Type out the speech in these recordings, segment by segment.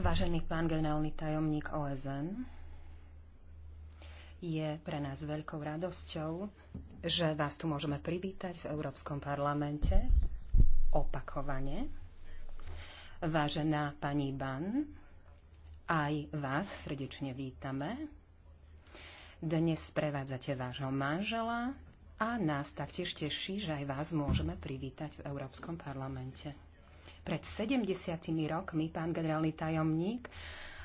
Vážený pán generálny tajomník OSN, je pre nás veľkou radosťou, že vás tu môžeme privítať v Európskom parlamente opakovane. Vážená pani Ban, aj vás srdečne vítame. Dnes prevádzate vášho manžela a nás taktiež teší, že aj vás môžeme privítať v Európskom parlamente. Pred 70 rokmi pán generálny tajomník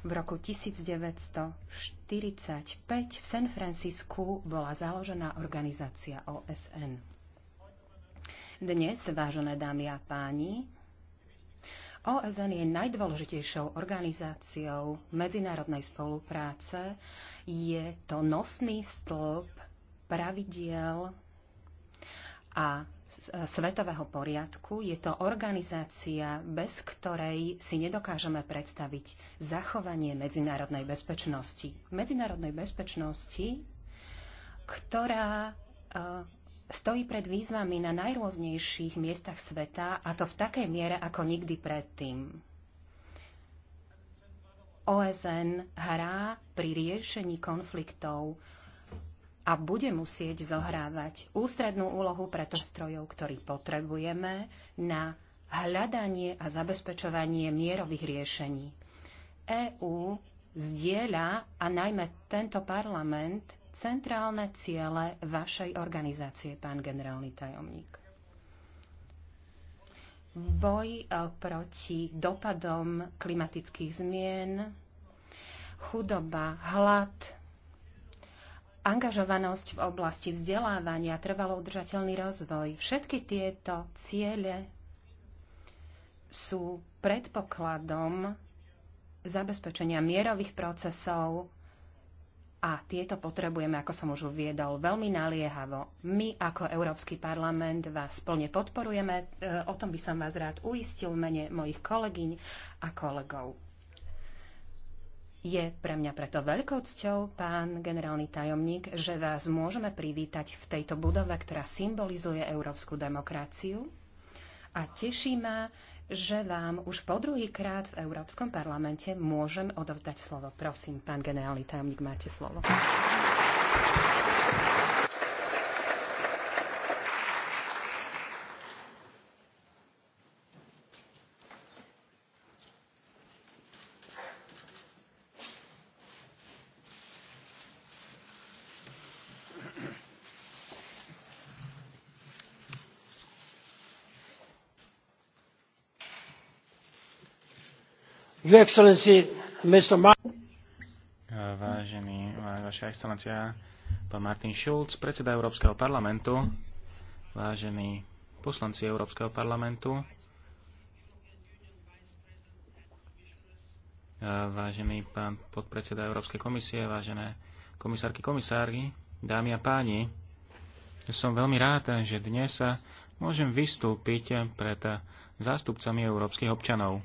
v roku 1945 v San Francisku bola založená organizácia OSN. Dnes, vážené dámy a páni, OSN je najdôležitejšou organizáciou medzinárodnej spolupráce. Je to nosný stĺp pravidiel a svetového poriadku. Je to organizácia, bez ktorej si nedokážeme predstaviť zachovanie medzinárodnej bezpečnosti. Medzinárodnej bezpečnosti, ktorá e, stojí pred výzvami na najrôznejších miestach sveta a to v takej miere ako nikdy predtým. OSN hrá pri riešení konfliktov a bude musieť zohrávať ústrednú úlohu pre strojov, ktorý potrebujeme na hľadanie a zabezpečovanie mierových riešení. EÚ zdieľa a najmä tento parlament centrálne ciele vašej organizácie, pán generálny tajomník. Boj e, proti dopadom klimatických zmien, chudoba, hlad, angažovanosť v oblasti vzdelávania, trvalo udržateľný rozvoj. Všetky tieto ciele sú predpokladom zabezpečenia mierových procesov a tieto potrebujeme, ako som už uviedol, veľmi naliehavo. My ako Európsky parlament vás plne podporujeme. E, o tom by som vás rád uistil v mene mojich kolegyň a kolegov. Je pre mňa preto veľkou cťou, pán generálny tajomník, že vás môžeme privítať v tejto budove, ktorá symbolizuje európsku demokraciu. A teší ma, že vám už po druhý krát v Európskom parlamente môžem odovzdať slovo. Prosím, pán generálny tajomník, máte slovo. Vážený, vaša excelencia, pán Martin Schulz, predseda Európskeho parlamentu, vážení poslanci Európskeho parlamentu, vážený pán podpredseda Európskej komisie, vážené komisárky, komisári, dámy a páni, som veľmi rád, že dnes sa môžem vystúpiť pred zástupcami európskych občanov.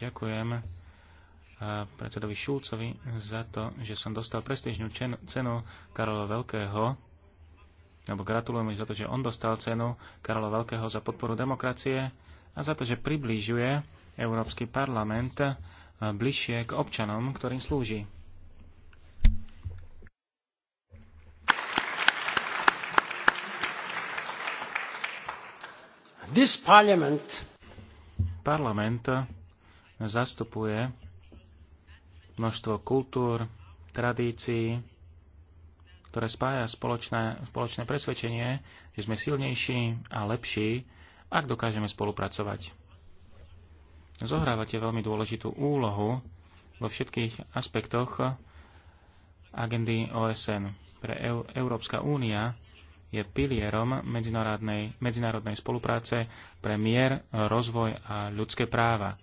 Ďakujem eh, predsedovi Šulcovi za to, že som dostal prestížnú cenu Karola Veľkého, alebo gratulujem za to, že on dostal cenu Karola Veľkého za podporu demokracie a za to, že priblížuje Európsky parlament eh, bližšie k občanom, ktorým slúži. This parliament parliament zastupuje množstvo kultúr, tradícií, ktoré spája spoločné, spoločné presvedčenie, že sme silnejší a lepší, ak dokážeme spolupracovať. Zohrávate veľmi dôležitú úlohu vo všetkých aspektoch agendy OSN. Pre e- Európska únia je pilierom medzinárodnej spolupráce pre mier, rozvoj a ľudské práva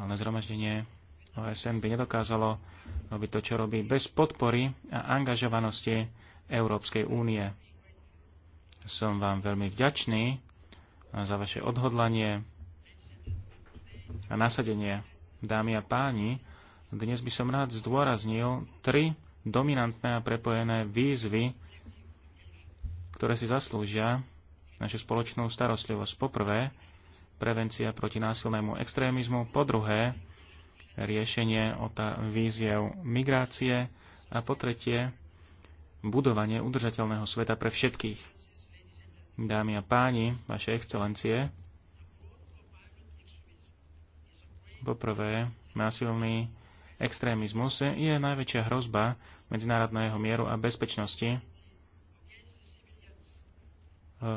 ale zhromaždenie OSN by nedokázalo robiť to, čo robí, bez podpory a angažovanosti Európskej únie. Som vám veľmi vďačný za vaše odhodlanie a nasadenie. Dámy a páni, dnes by som rád zdôraznil tri dominantné a prepojené výzvy, ktoré si zaslúžia našu spoločnú starostlivosť. Poprvé, prevencia proti násilnému extrémizmu, po druhé riešenie otá víziev migrácie a po tretie budovanie udržateľného sveta pre všetkých. Dámy a páni, vaše excelencie, poprvé, násilný extrémizmus je najväčšia hrozba medzinárodného mieru a bezpečnosti. E,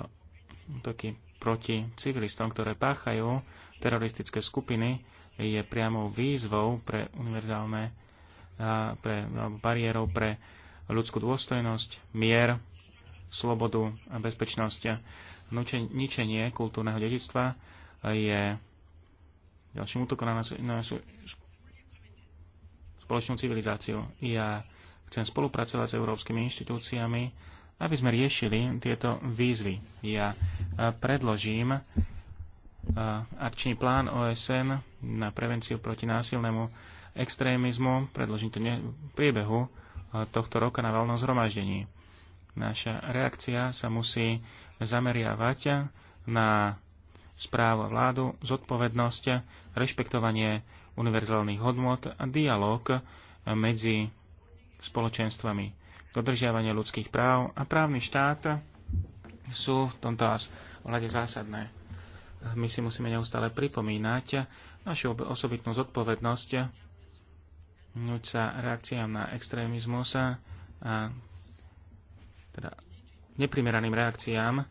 taký proti civilistom, ktoré páchajú teroristické skupiny, je priamou výzvou pre univerzálne pre, alebo no, bariérou pre ľudskú dôstojnosť, mier, slobodu a bezpečnosť. Ničenie kultúrneho dedictva je ďalším útokom na, našu, na našu spoločnú civilizáciu. Ja chcem spolupracovať s európskymi inštitúciami aby sme riešili tieto výzvy. Ja e, predložím e, akčný plán OSN na prevenciu proti násilnému extrémizmu, predložím to v priebehu e, tohto roka na valnom zhromaždení. Naša reakcia sa musí zameriavať na správu vládu, zodpovednosť, rešpektovanie univerzálnych hodnot a dialog medzi spoločenstvami dodržiavanie ľudských práv a právny štát sú v tomto ohľade zásadné. My si musíme neustále pripomínať našu osobitnú zodpovednosť vnúť sa reakciám na extrémizmus a teda neprimeraným reakciám,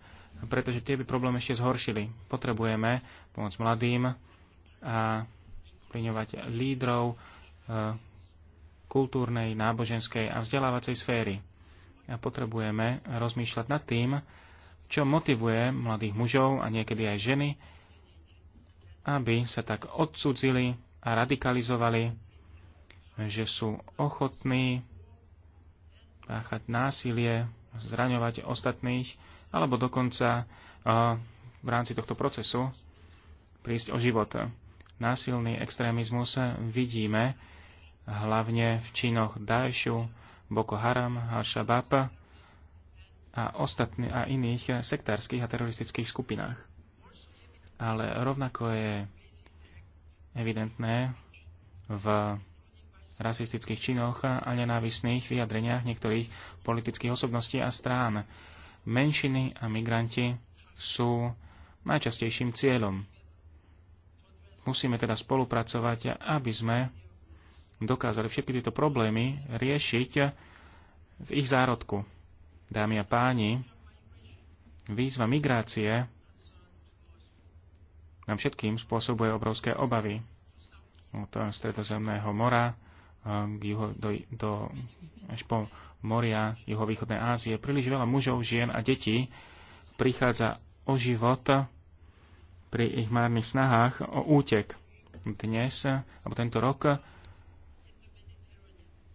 pretože tie by problém ešte zhoršili. Potrebujeme pomôcť mladým a plyňovať lídrov, e, kultúrnej, náboženskej a vzdelávacej sféry. A potrebujeme rozmýšľať nad tým, čo motivuje mladých mužov a niekedy aj ženy, aby sa tak odsudzili a radikalizovali, že sú ochotní páchať násilie, zraňovať ostatných, alebo dokonca v rámci tohto procesu prísť o život. Násilný extrémizmus vidíme hlavne v činoch Daeshu, Boko Haram, Al-Shabaab a, ostatný, a iných sektárskych a teroristických skupinách. Ale rovnako je evidentné v rasistických činoch a nenávisných vyjadreniach niektorých politických osobností a strán. Menšiny a migranti sú najčastejším cieľom. Musíme teda spolupracovať, aby sme dokázali všetky tieto problémy riešiť v ich zárodku. Dámy a páni, výzva migrácie nám všetkým spôsobuje obrovské obavy. Od stredozemného mora eh, juho, do, do, až po moria juhovýchodnej Ázie. Príliš veľa mužov, žien a detí prichádza o život pri ich márnych snahách o útek. Dnes, alebo tento rok,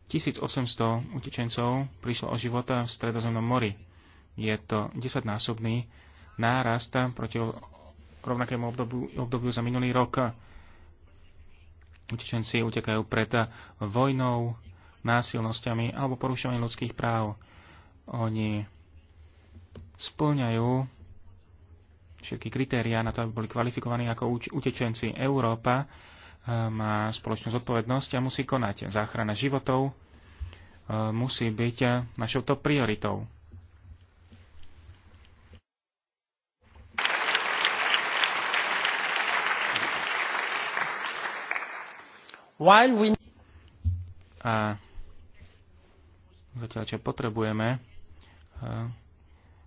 1800 utečencov prišlo o života v Stredozemnom mori. Je to 10-násobný nárast proti rovnakému obdobu, obdobiu za minulý rok. Utečenci utekajú pred vojnou, násilnosťami alebo porušovaním ľudských práv. Oni splňajú všetky kritériá na to, aby boli kvalifikovaní ako utečenci. Európa má spoločnú zodpovednosť a musí konať. Záchrana životov e, musí byť e, našou top prioritou. A zatiaľ, čo potrebujeme, e,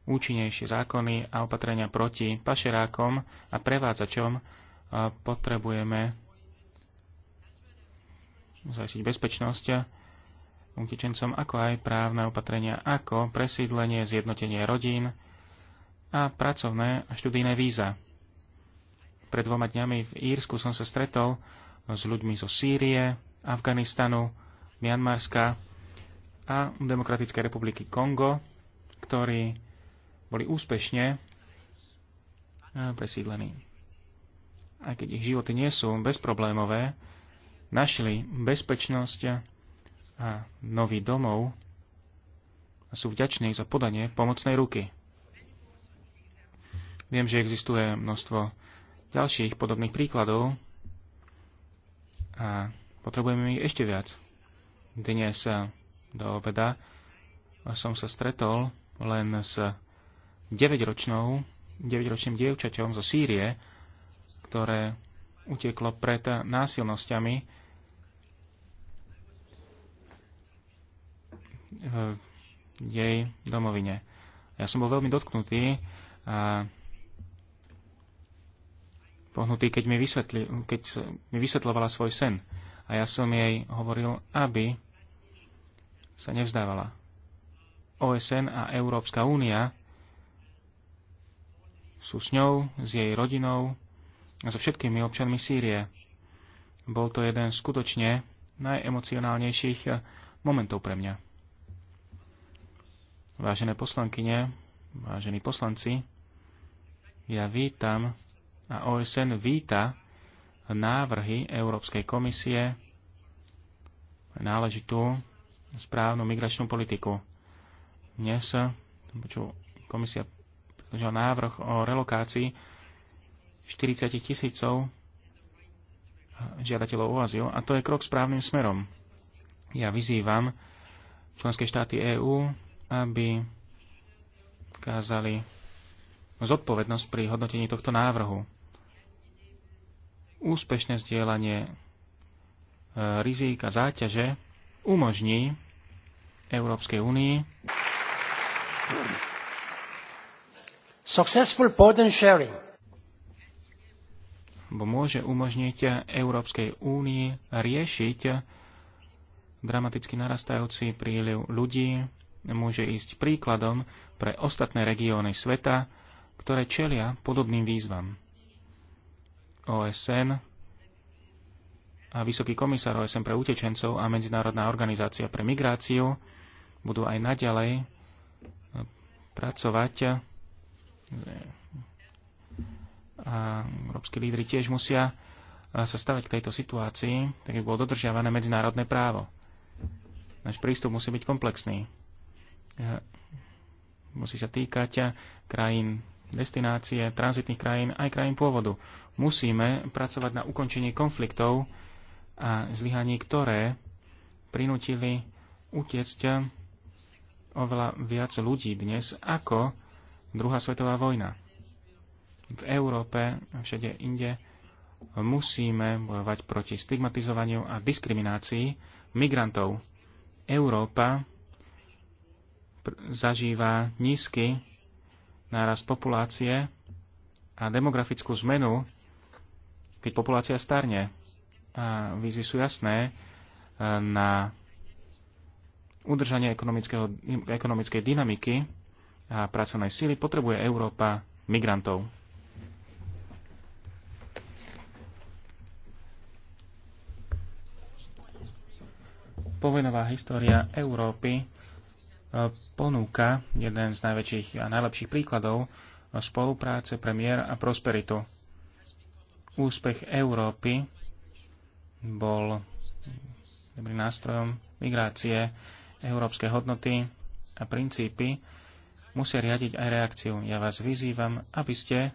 účinnejšie zákony a opatrenia proti pašerákom a prevádzačom, potrebujeme zajistiť bezpečnosť utečencom, ako aj právne opatrenia, ako presídlenie, zjednotenie rodín a pracovné a študijné víza. Pred dvoma dňami v Írsku som sa stretol s ľuďmi zo Sýrie, Afganistanu, Mianmarska a Demokratickej republiky Kongo, ktorí boli úspešne eh, presídlení. Aj keď ich životy nie sú bezproblémové, našli bezpečnosť a nový domov a sú vďační za podanie pomocnej ruky. Viem, že existuje množstvo ďalších podobných príkladov a potrebujeme ich ešte viac. Dnes do obeda som sa stretol len s 9-ročnou, 9-ročným dievčaťom zo Sýrie, ktoré uteklo pred násilnosťami jej domovine. Ja som bol veľmi dotknutý a pohnutý, keď mi, vysvetli, keď mi vysvetlovala svoj sen. A ja som jej hovoril, aby sa nevzdávala. OSN a Európska únia sú s ňou, s jej rodinou a so všetkými občanmi Sýrie. Bol to jeden skutočne najemocionálnejších momentov pre mňa. Vážené poslankyne, vážení poslanci, ja vítam a OSN víta návrhy Európskej komisie náležitú správnu migračnú politiku. Dnes čo komisia predložila návrh o relokácii 40 tisícov žiadateľov o azyl a to je krok správnym smerom. Ja vyzývam členské štáty EÚ, aby kázali zodpovednosť pri hodnotení tohto návrhu. Úspešné zdieľanie e, rizík a záťaže umožní Európskej únii Successful burden sharing bo môže umožniť Európskej únii riešiť dramaticky narastajúci príliv ľudí môže ísť príkladom pre ostatné regióny sveta, ktoré čelia podobným výzvam. OSN a Vysoký komisár OSN pre utečencov a Medzinárodná organizácia pre migráciu budú aj naďalej eh, pracovať eh, a európsky lídry tiež musia eh, sa stavať k tejto situácii, tak by bolo dodržiavané medzinárodné právo. Náš prístup musí byť komplexný musí sa týkať krajín destinácie, tranzitných krajín, aj krajín pôvodu. Musíme pracovať na ukončení konfliktov a zlyhaní, ktoré prinútili utiecť oveľa viac ľudí dnes ako druhá svetová vojna. V Európe a všade inde musíme bojovať proti stigmatizovaniu a diskriminácii migrantov. Európa zažíva nízky náraz populácie a demografickú zmenu, keď populácia starne. A výzvy sú jasné e, na udržanie ekonomickej dynamiky a pracovnej síly potrebuje Európa migrantov. Povojnová história Európy ponúka jeden z najväčších a najlepších príkladov spolupráce pre mier a prosperitu. Úspech Európy bol dobrým nástrojom migrácie. Európske hodnoty a princípy musia riadiť aj reakciu. Ja vás vyzývam, aby ste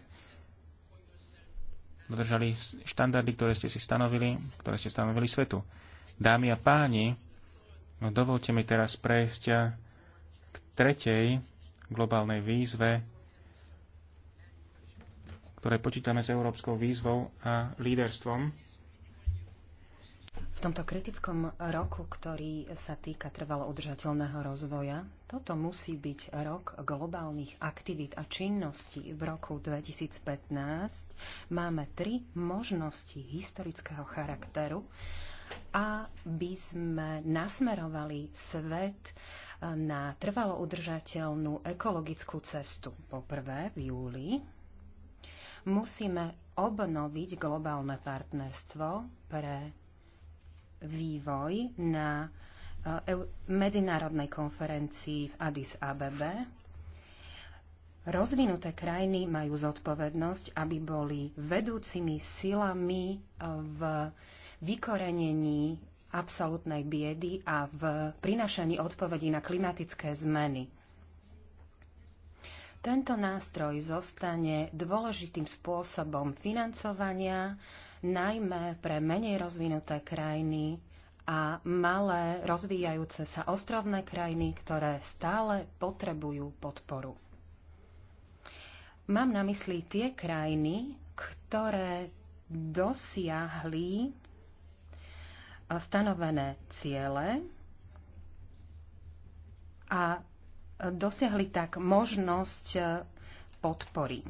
dodržali štandardy, ktoré ste si stanovili, ktoré ste stanovili svetu. Dámy a páni, no dovolte mi teraz prejsť tretej globálnej výzve, ktoré počítame s európskou výzvou a líderstvom. V tomto kritickom roku, ktorý sa týka trvalo udržateľného rozvoja, toto musí byť rok globálnych aktivít a činností. V roku 2015 máme tri možnosti historického charakteru, aby sme nasmerovali svet na trvalo udržateľnú ekologickú cestu. Poprvé v júli musíme obnoviť globálne partnerstvo pre vývoj na e, medzinárodnej konferencii v Addis Abebe. Rozvinuté krajiny majú zodpovednosť, aby boli vedúcimi silami e, v vykorenení absolútnej biedy a v prinašaní odpovedí na klimatické zmeny. Tento nástroj zostane dôležitým spôsobom financovania, najmä pre menej rozvinuté krajiny a malé rozvíjajúce sa ostrovné krajiny, ktoré stále potrebujú podporu. Mám na mysli tie krajiny, ktoré dosiahli stanovené ciele a dosiahli tak možnosť podpory.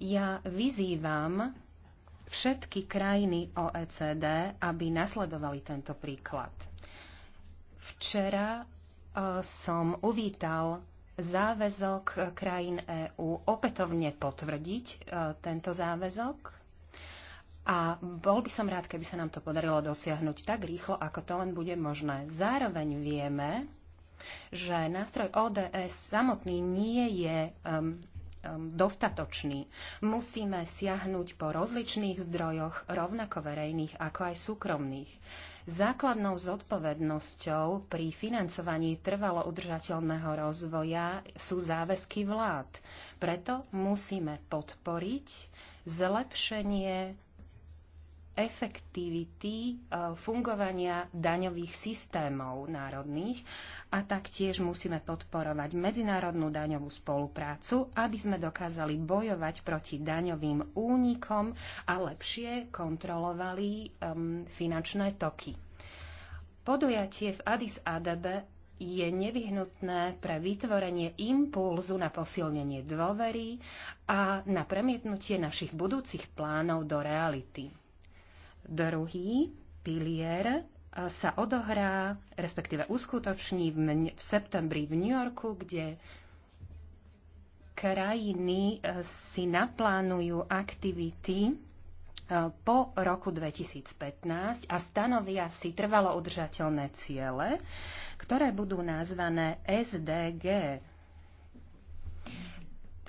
Ja vyzývam všetky krajiny OECD, aby nasledovali tento príklad. Včera e, som uvítal záväzok krajín EÚ opätovne potvrdiť e, tento záväzok a bol by som rád, keby sa nám to podarilo dosiahnuť tak rýchlo, ako to len bude možné. Zároveň vieme, že nástroj ODS samotný nie je um, um, dostatočný. Musíme siahnuť po rozličných zdrojoch, rovnako verejných ako aj súkromných. Základnou zodpovednosťou pri financovaní trvalo udržateľného rozvoja sú záväzky vlád. Preto musíme podporiť zlepšenie efektivity e, fungovania daňových systémov národných a taktiež musíme podporovať medzinárodnú daňovú spoluprácu, aby sme dokázali bojovať proti daňovým únikom a lepšie kontrolovali um, finančné toky. Podujatie v Addis Adebe je nevyhnutné pre vytvorenie impulzu na posilnenie dôvery a na premietnutie našich budúcich plánov do reality. Druhý pilier e, sa odohrá, respektíve uskutoční v, v septembri v New Yorku, kde krajiny e, si naplánujú aktivity e, po roku 2015 a stanovia si trvalo udržateľné ciele, ktoré budú nazvané SDG.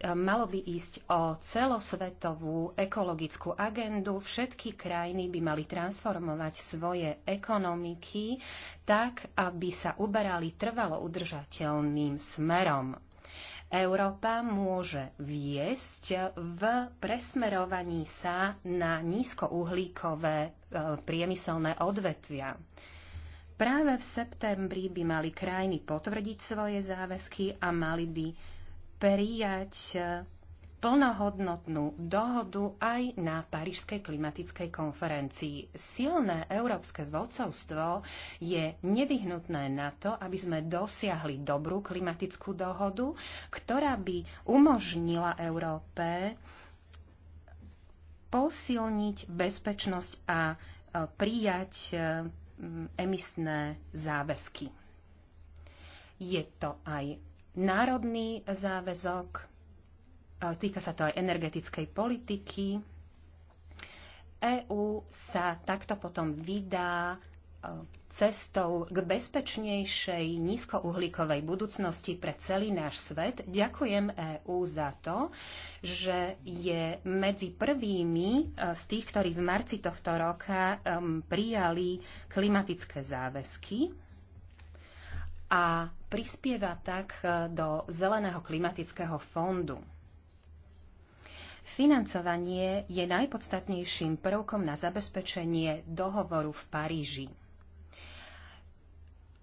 Malo by ísť o celosvetovú ekologickú agendu. Všetky krajiny by mali transformovať svoje ekonomiky tak, aby sa uberali trvalo udržateľným smerom. Európa môže viesť v presmerovaní sa na nízkouhlíkové e, priemyselné odvetvia. Práve v septembri by mali krajiny potvrdiť svoje záväzky a mali by prijať eh, plnohodnotnú dohodu aj na Parížskej klimatickej konferencii. Silné európske vodcovstvo je nevyhnutné na to, aby sme dosiahli dobrú klimatickú dohodu, ktorá by umožnila Európe posilniť bezpečnosť a eh, prijať eh, emisné záväzky. Je to aj národný záväzok, e, týka sa to aj energetickej politiky. EÚ sa takto potom vydá e, cestou k bezpečnejšej nízkouhlíkovej budúcnosti pre celý náš svet. Ďakujem EÚ za to, že je medzi prvými e, z tých, ktorí v marci tohto roka prijali klimatické záväzky a prispieva tak e, do Zeleného klimatického fondu. Financovanie je najpodstatnejším prvkom na zabezpečenie dohovoru v Paríži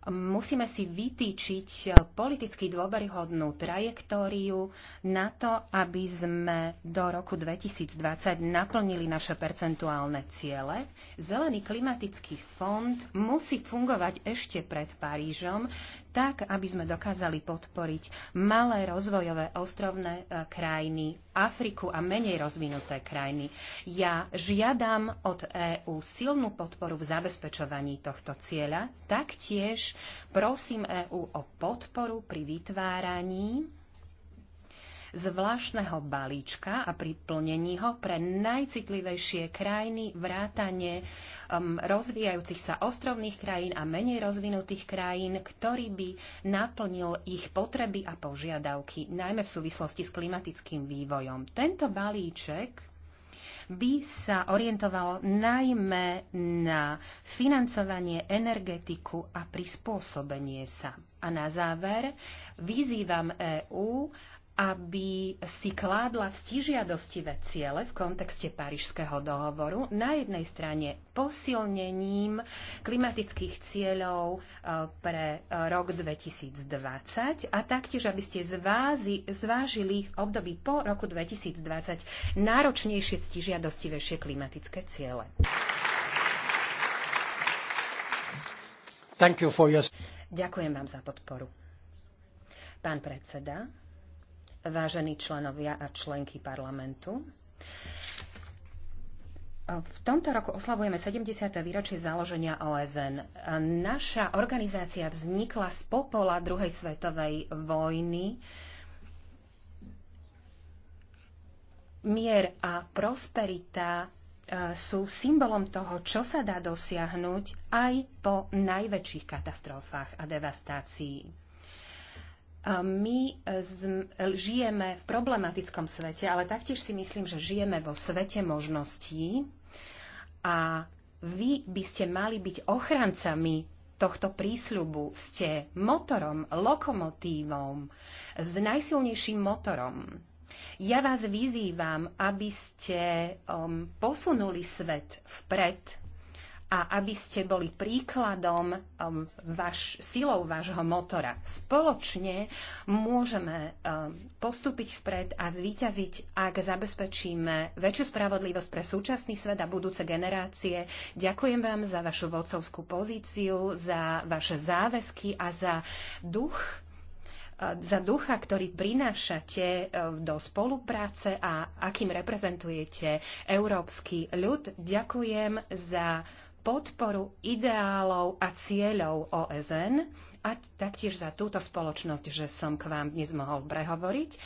musíme si vytýčiť politicky dôveryhodnú trajektóriu na to, aby sme do roku 2020 naplnili naše percentuálne ciele. Zelený klimatický fond musí fungovať ešte pred Parížom, tak aby sme dokázali podporiť malé rozvojové ostrovné e, krajiny, Afriku a menej rozvinuté krajiny. Ja žiadam od EÚ silnú podporu v zabezpečovaní tohto cieľa, taktiež prosím EÚ o podporu pri vytváraní zvláštneho balíčka a pri plnení ho pre najcitlivejšie krajiny vrátane um, rozvíjajúcich sa ostrovných krajín a menej rozvinutých krajín, ktorý by naplnil ich potreby a požiadavky, najmä v súvislosti s klimatickým vývojom. Tento balíček by sa orientoval najmä na financovanie energetiku a prispôsobenie sa. A na záver vyzývam EÚ, aby si kládla stižiadostivé ciele v kontexte Parížského dohovoru na jednej strane posilnením klimatických cieľov e, pre e, rok 2020 a taktiež, aby ste zvázi, zvážili v období po roku 2020 náročnejšie stižiadostivejšie klimatické ciele. Thank you for your... Ďakujem vám za podporu. Pán predseda vážení členovia a členky parlamentu. V tomto roku oslavujeme 70. výročie založenia OSN. Naša organizácia vznikla z popola druhej svetovej vojny. Mier a prosperita e, sú symbolom toho, čo sa dá dosiahnuť aj po najväčších katastrofách a devastácii my e, e, žijeme v problematickom svete, ale taktiež si myslím, že žijeme vo svete možností a vy by ste mali byť ochrancami tohto prísľubu. Ste motorom, lokomotívom, s najsilnejším motorom. Ja vás vyzývam, aby ste um, posunuli svet vpred a aby ste boli príkladom um, vaš, silou vášho motora. Spoločne môžeme um, postúpiť vpred a zvíťaziť, ak zabezpečíme väčšiu spravodlivosť pre súčasný svet a budúce generácie. Ďakujem vám za vašu vodcovskú pozíciu, za vaše záväzky a za duch uh, za ducha, ktorý prinášate uh, do spolupráce a akým reprezentujete európsky ľud. Ďakujem za podporu ideálov a cieľov OSN a taktiež za túto spoločnosť, že som k vám dnes mohol prehovoriť.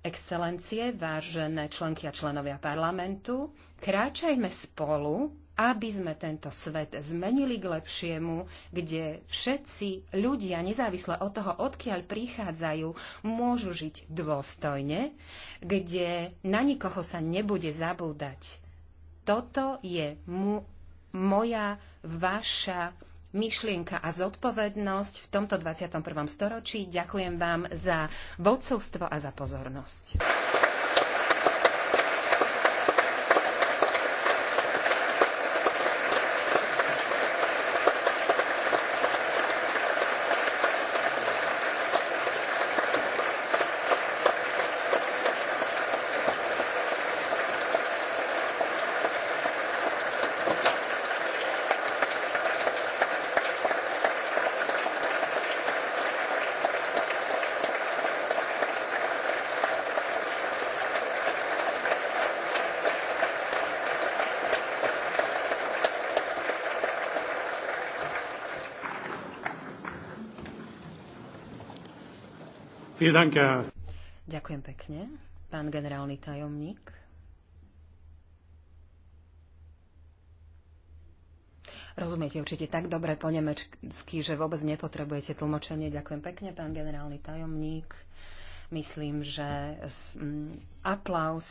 Excelencie, vážené členky a členovia parlamentu, kráčajme spolu, aby sme tento svet zmenili k lepšiemu, kde všetci ľudia, nezávisle od toho, odkiaľ prichádzajú, môžu žiť dôstojne, kde na nikoho sa nebude zabúdať. Toto je mu moja, vaša myšlienka a zodpovednosť v tomto 21. storočí. Ďakujem vám za vodcovstvo a za pozornosť. Ďakujem pekne, pán generálny tajomník. Rozumiete určite tak dobre po nemecky, že vôbec nepotrebujete tlmočenie. Ďakujem pekne, pán generálny tajomník. Myslím, že aplaus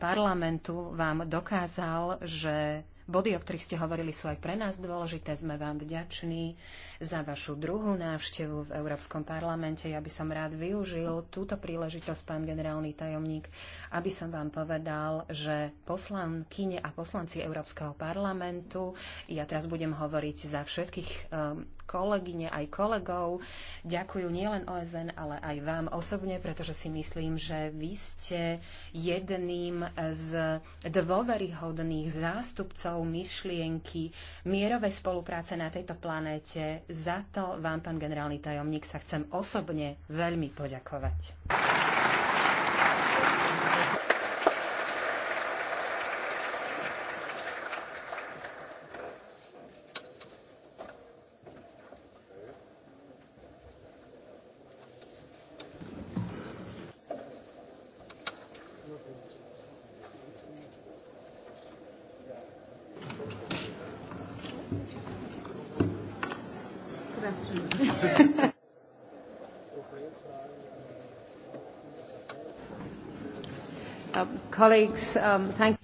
parlamentu vám dokázal, že body, o ktorých ste hovorili, sú aj pre nás dôležité. Sme vám vďační za vašu druhú návštevu v Európskom parlamente. Ja by som rád využil túto príležitosť, pán generálny tajomník, aby som vám povedal, že poslankyne a poslanci Európskeho parlamentu, ja teraz budem hovoriť za všetkých um, kolegyne aj kolegov ďakujú nielen OSN, ale aj vám osobne, pretože si myslím, že vy ste jedným z dôveryhodných zástupcov myšlienky mierovej spolupráce na tejto planéte. Za to vám, pán generálny tajomník, sa chcem osobne veľmi poďakovať. colleagues, um, thank